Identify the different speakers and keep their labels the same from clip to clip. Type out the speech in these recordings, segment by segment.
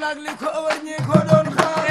Speaker 1: nag li ko wër ñi ko doon xaar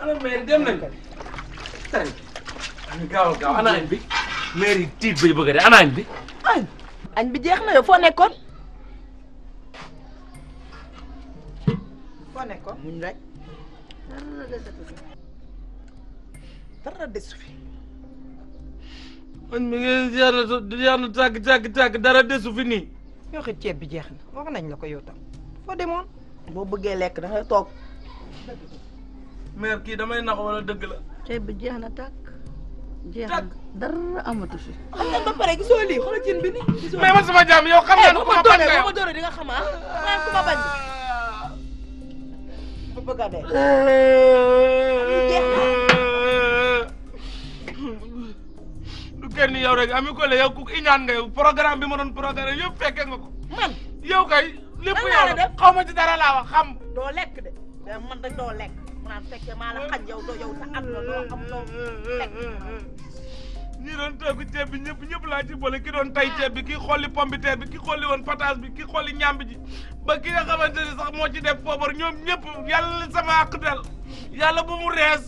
Speaker 1: ana maire dem nañ tey ñu bi maire yi tiit bay bëgg de ana bi añ bi jeex na yow foo nekkoon foo nekkoon muñ rek dara desu fi añ bi ngeen jeex na dara desu fi nii yoo xam ceeb bi jeex na wax nañ la ko yow tam foo demoon boo bëggee lekk da nga toog mère kii damay nax wala dëgg la. ceeb bi jeex na tàkk. jeex na dara amatu fi. xam nga ba pare gisoo lii xoolal cin sama jàmm yow xam naa ne eh, ku ma bañ di nga xam ah xanaa ku ma bañ. bu bëgg a dee. ko yow ku iñaan nga yow programme bi ma doon programme yëpp fekke nga ko. man yow kay. lépp xaw ma ci dara laa wax xam. doo lekk de. mais man dañ doo lekk mu naan fekkee maa la ceeb bi ñëpp ñëpp laa ci boole ki doon tay ceeb bi ki xolli pombiteer bi ki xolli woon patate bi ki xolli ñàmb ji ba ki nga xamante ni sax moo ci def poobar ñoom ñëpp yàlla sama àq dal yàlla bu mu rees.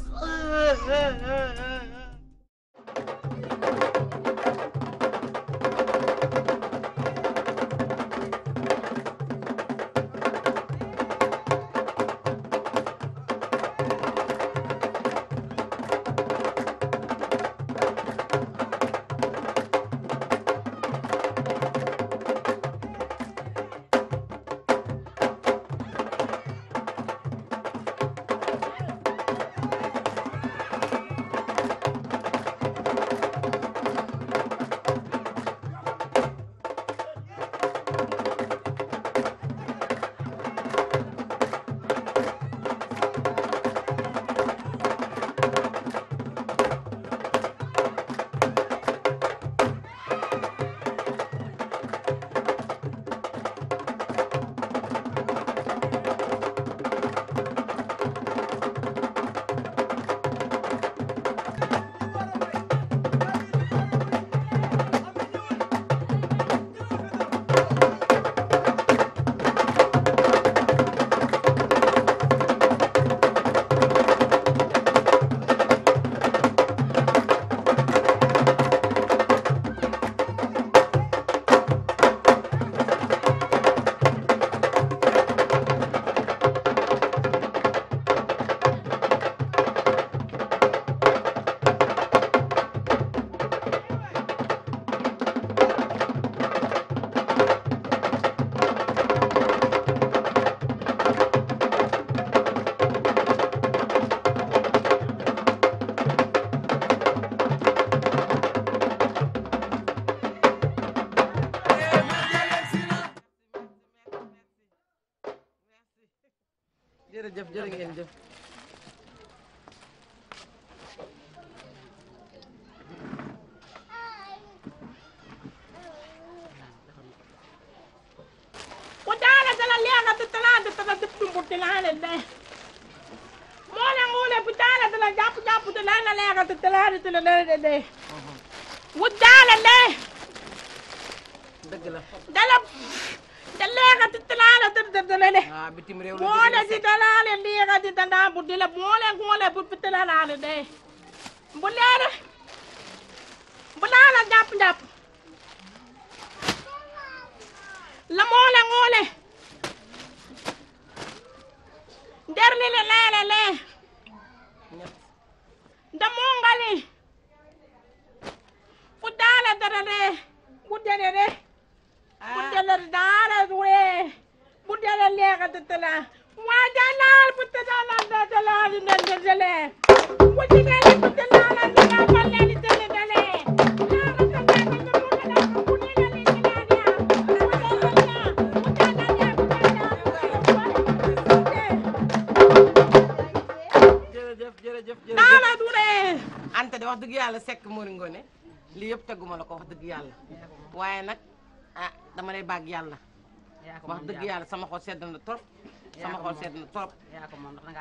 Speaker 1: jërëjëf jërë ngeen jëf wut daala le dëgg la dala leegati talaata tëddale de. ah bitim réew la boole si talaale leegati tanda buddi la boole ngoole bu talaale de bu leere bu laala jàpp jàpp la moole ngoole derli le leele lee da mongali fu daala dara de bu dere de पुत्याला दारात उळे पुत्याला लेखत त्याला माझ्या लाल पुत्याला नंदाच्या लाल नंद झाले पुती गेले पुत्याला नंदाला पल्ल्याने चले झाले daalaat wu ne ante de wax dëgg yàlla sekk moringo ne lii yëpp teguma la ko wax dëgg yàlla waaye nag ah dama lay baag yàlla. wax dëgg yàlla sama xol sedd na trop. sama xol sedd na trop.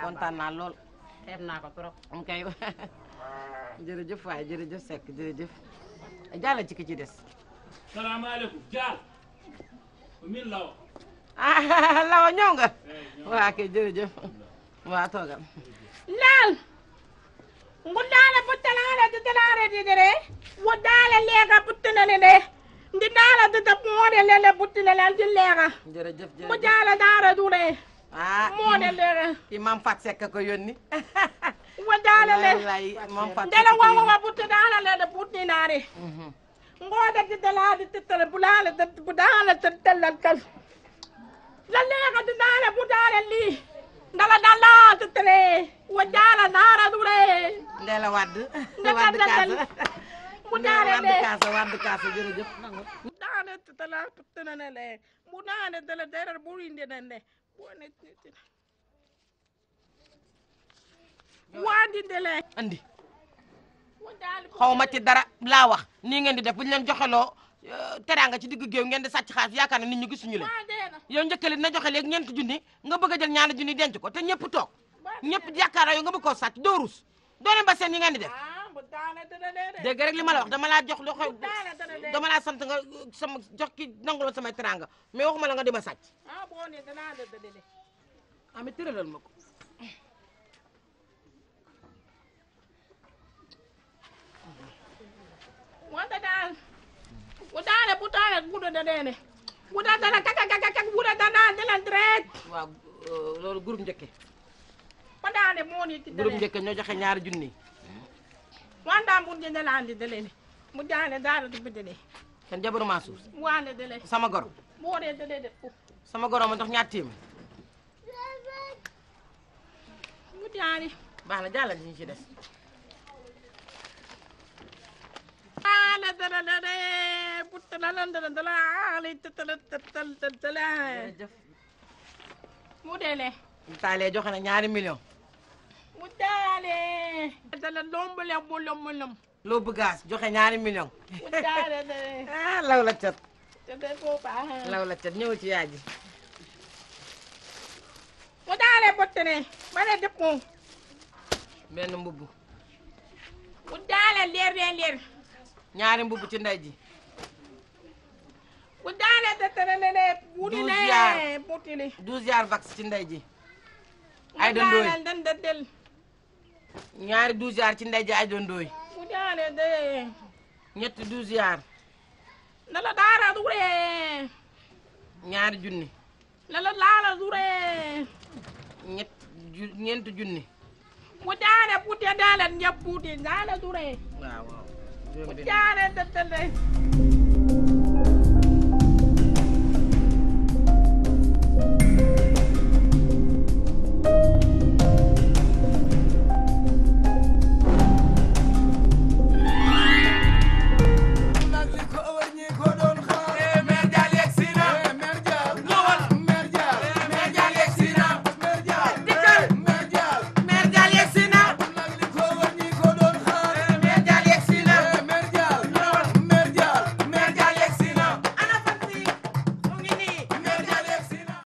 Speaker 1: kontaan naa lool. xeeb naa ko trop. am kay jërëjëf waaye jërëjëf Seck jërëjëf ci des. salaamaaleykum Diall. min law. ah law eh, ñëw nga. waa kay jërëjëf. waa toogal. laal. ngu daala bu talaala di talaala di dere. wa daala leega bu tënale de. ndi daala di dab moone lele butti leleel di leera jërëjëf jërëjëf mu jaala daara duree ah moone mm. leera Fat Seck ko yónni wa daala le dala wawa wa butti daala le butti naare mhm. ngooda di dalaa di tëttale bu laala tëtt bu daala tëttalal la leera di daala bu daala lii ndala dalaa tëttale wa jaala daara duree ndela wadd wadd kaas mu daane be kaasa waddu kaasa jërëjëf nangu mu daane tala tana ne le mu daane tala derar bu inde ne ne bone tina wandi de le andi xaw ma ci dara laa wax nii ngeen di def bu ñu leen joxeloo euh, teraanga ci digg géew ngeen di sàcc xaalis yaakaar na nit ñu gisuñu leen yow njëkkale na joxe léegi ñeenti junni nga bëgg a jël ñaari den denc ko te ñëpp toog ñëpp yaakaar yow nga bëgg koo sàcc doo rus doo leen ba seen yi ngeen di dégg rek li ma la wax dama laa jox lu xew dama laa sant nga sama jox ki nanguloon samay teranga mais waxuma la nga di ma sàcc. ah mais ma ko. wante daal bu daane bu daane gudd da dee ne bu da dana bu da dana dana direct. waaw loolu groupe njëkke. ba daane moo ni. groupe njëkke ñoo joxe ñaari junni. wanda mburje jalande delene mo jaane daarade beddele ten jabaru mansour wande dele sama goro ɓoore delede fof sama goro ma dox ñaar téeméer mu jaani baax na jàllal ñu ci des ala dalalare buttalalandalandala ala tatalatatala jërëjëf mu dele mu taalee joxe na ñaari million dala lomb lomb lomb lomb. loo bëgg joxe ñaari million. bu jaaree de. Ah, law la cat. te de ko law la cat ñëw ci yaay ji. bu jaaree ba ne dëpp ko. benn mbubb. bu jaaree leer leer leer. ñaari mbubb ci ndey ji. bu jaaree dëttene ne ne. wuti ne bottene. douze yaar vax ci ji. ay dëndooy bu jaaree dëndëndël. ñaari douze yaar ci ndey ji ajo ndooy mu de ñetti douze yaar lala daara dure ñaari junni lala laala dure ñett ñeenti junni mu jaane puute daalen ñëpp puute daala dure waaw waaw mu jaane dëddale